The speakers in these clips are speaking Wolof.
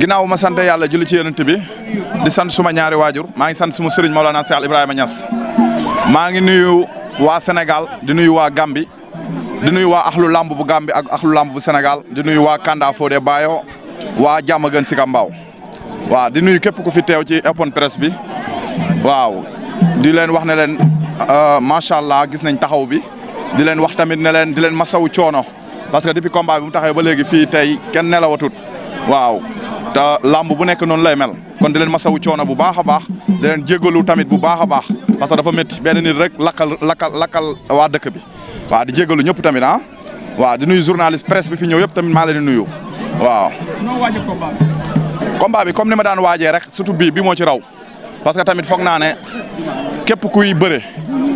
ginaaw ma sante yalla julli ci yonent bi di sante suma ñaari wajur ma ngi sante suma serigne maulana Cheikh Ibrahima Niass ma ngi nuyu wa senegal di nuyu wa Gambi di nuyu wa axlu lamb bu Gambi ak axlu lamb bu senegal di nuyu wa Kanda Fodé Bayo waa gën ci Mbao wa di nuyu kep ku fi tew ci epon press bi waaw di len wax ne len euh, macha allah gis nañ taxaw bi di len wax tamit ne len di leen masawu choono parce que depuis combat bi mu taxaw ba léegi fi tay ken nelawatut waaw te lamb bu nekk noonu lay mel kon di leen masawu coono bu baax a baax di leen jégalu tamit bu baax a baax parce que dafa métti benn nit rek lakal lakkal lakkal waa dëkk bi wa di jégalu ñëpp tamit ah waaw di nuy journaliste presse bi fi ñëw yëpp tamit maa leen di nuyu waaw. combat bi comme ni ma daan waajee rek surtout bii bi moo ci raw parce que tamit foog naa ne képp kuy bëre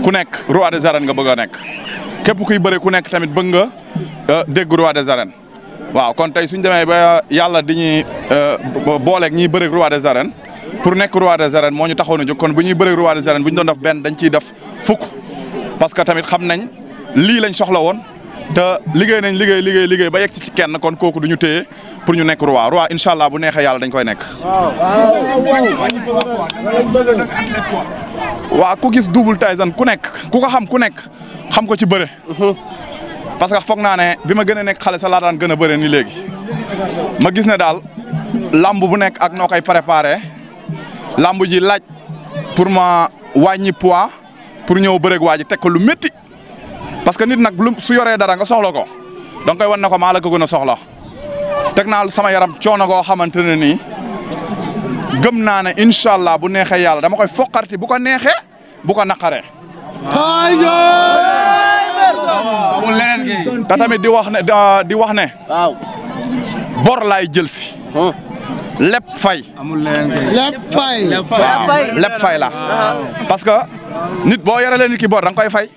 ku nekk roi des arènes nga bëgg a nekk képp kuy bëre ku nekk tamit bëgg nga euh, dégg de des waaw kon tey suñ demee ba yàlla di ñuy euh, booleeg ñiy bëreeg roi des arènes pour nekk roi de arènes moo ñu taxoon a jóg kon bu ñuy bëreeg roi des arènes bu ñu doon def dañ ciy def fukk parce que tamit xam nañ lii lañ soxla woon te liggéey nañ liggéey liggéey liggéey ba yegg ci kenn kon kooku du ñu téye pour ñu nekk roi roi incha allah bu neexee yàlla dañ koy nekk. waa ku gis double Tyson ku nekk ku ko xam ku nekk xam ko ci bëre. Mhm. parce que foog naa ne bi ma gën a nekk xale sa laa gën a bëre ni léegi ma gis ne daal lamb bu nekk ak noo koy préparé lamb ji laaj pour ma wàññi poids pour ñëw bëreeg waa ji teg ko lu métti parce que nit nag lu su yoree dara nga soxla ko donc koy wan ne ko maa la ko gën a soxla teg naa sama yaram coono goo xamante ne nii gëm naa ne incha allah bu neexee yàlla dama koy foqarti bu ko neexe bu ko naqaree. te tamit di wax ne di ah, wax ne. bor laay jël si. lépp fay. amul lépp fay. lépp fay la parce que nit boo yorelee nit ki bor da nga koy fay.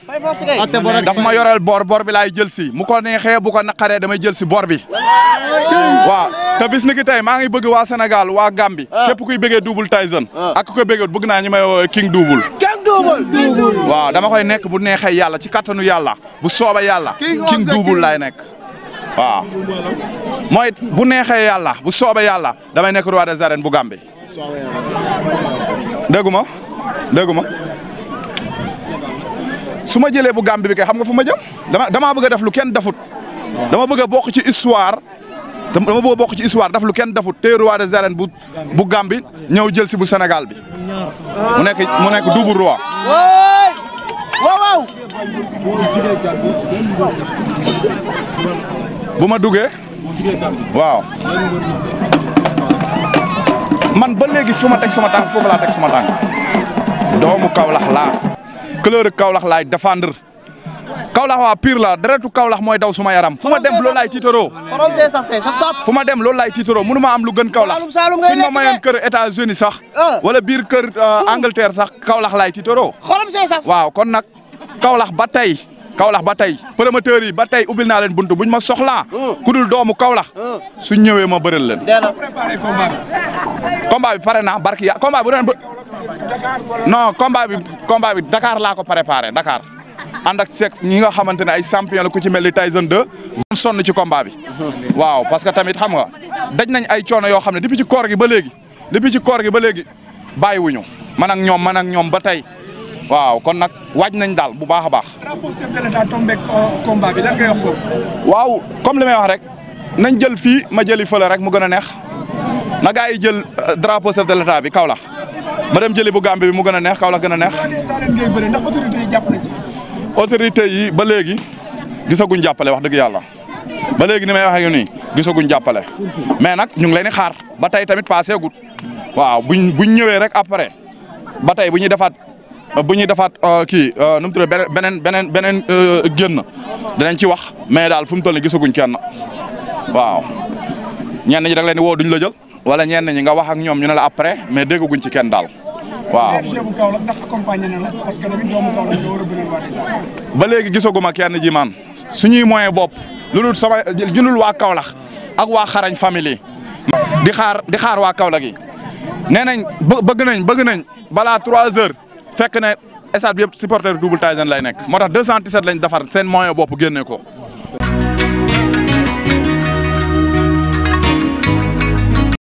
daf ma yoreel bor bor bi laay jël si mu ko neexee bu ko naqaree damay jël si bor bi. waaw ta bis ni ki tey maa ngi bëgg waa Sénégal waa Gambie. Ah. képp kuy bëggee Double Tyson. Ah. ak ku koy bëggee bëgg naa ñu may King Double. waaw dama koy nekk bu neexee yàlla ci kattanu yàlla bu sooba yàlla king duubul laay nekk waaw mooy bu neexee yàlla bu sooba yàlla damay nekk roi des arènes bu Gambie déggu ma déggu ma su ma jëlee bu Gambie bi kay xam nga fu ma jëm dama damaa bëgg def lu kenn defut dama bëgg a bokk ci histoire dama bëgg bok ci histoire daf lu kenn dafu téye roi des bu bu Gambie ñew jël si bu Sénégal bi mu nek mu nek double roi. woy wow, bu buma duggé waaw. man ba légui fuma tek sama tank fofu la tek sama tank doomu Kaolack la couleur Kaolack lay défendre. Kaolack waa pire la deretu Kaolack mooy daw suma yaram fu ma dem loolu laay tiitaroo fu ma dem lool laay tiitaroo mënu ma am lu gën Kaolack suñ ma mayoon kër États-Unis sax ah. wala biir kër euh, Angleterre sax Kaolack laay tiitaroo waaw kon nag Kaolack ba tey Kaolack ba tey promoteurs yi ba tey ubbil naa leen buntu buñ ma soxlaa hmm. ku doomu Kaolack hmm. suñ ñëwee ma bëril leen combat bi pare na barki ya combat bu non combat bi combat laa ko préparé Dakar ànd ak seq ñi nga xamante ne ay champion la ku ci mel ni Tyson 2 moom sonn ci combat bi waaw parce que tamit xam nga daj nañ ay coono yoo xam ne depuis ci koor gi ba léegi depuis ci koor gi ba léegi bàyyiwuñu man ak ñoom man ak ñoom ba tey waaw kon nag waaj nañ daal bu baax a baax. rapport euh, chef wax waaw comme li may wax rek nañ jël fii ma jëli fële rek mu gën a neex na gaa jël euh, drapeau chef de l'État bi Kaolack ma dem jëli bu Gambie bi mu gën a neex Kaolack gën a neex. autorité yi ba léegi gisaguñ jàppale wax dëgg yàlla ba léegi ni may wax ak nii gisaguñ jàppale mais nag ñu ngi leen di xaar ba tey tamit passé gut waaw buñ buñ ñëwee rek après ba tey bu ñuy defaat bu ñuy defaat euh, kii euh, nu mu tudd beneen beneen beneen euh, génn dinañ ci wax mais daal fu mu toll nii gisaguñ kenn waaw ñenn ñi da nga leen di woo duñ la jël wala ñenn ñi nga wax ak ñoom ñu ne la après mais déggaguñ ci kenn daal. waaw ba léegi gisaguma kenn ji man suñuy moyen bopp lu dul sama julul waa Kaolack ak waa xarañ famille di xaar di xaar waa Kaolack yi nee nañ bëgg nañ bëgg nañ balaa 3 heures fekk ne stade bi yëpp supporter Double Tyson lay nek nekk moo tax 217 lañ defar seen moyen bopp génne ko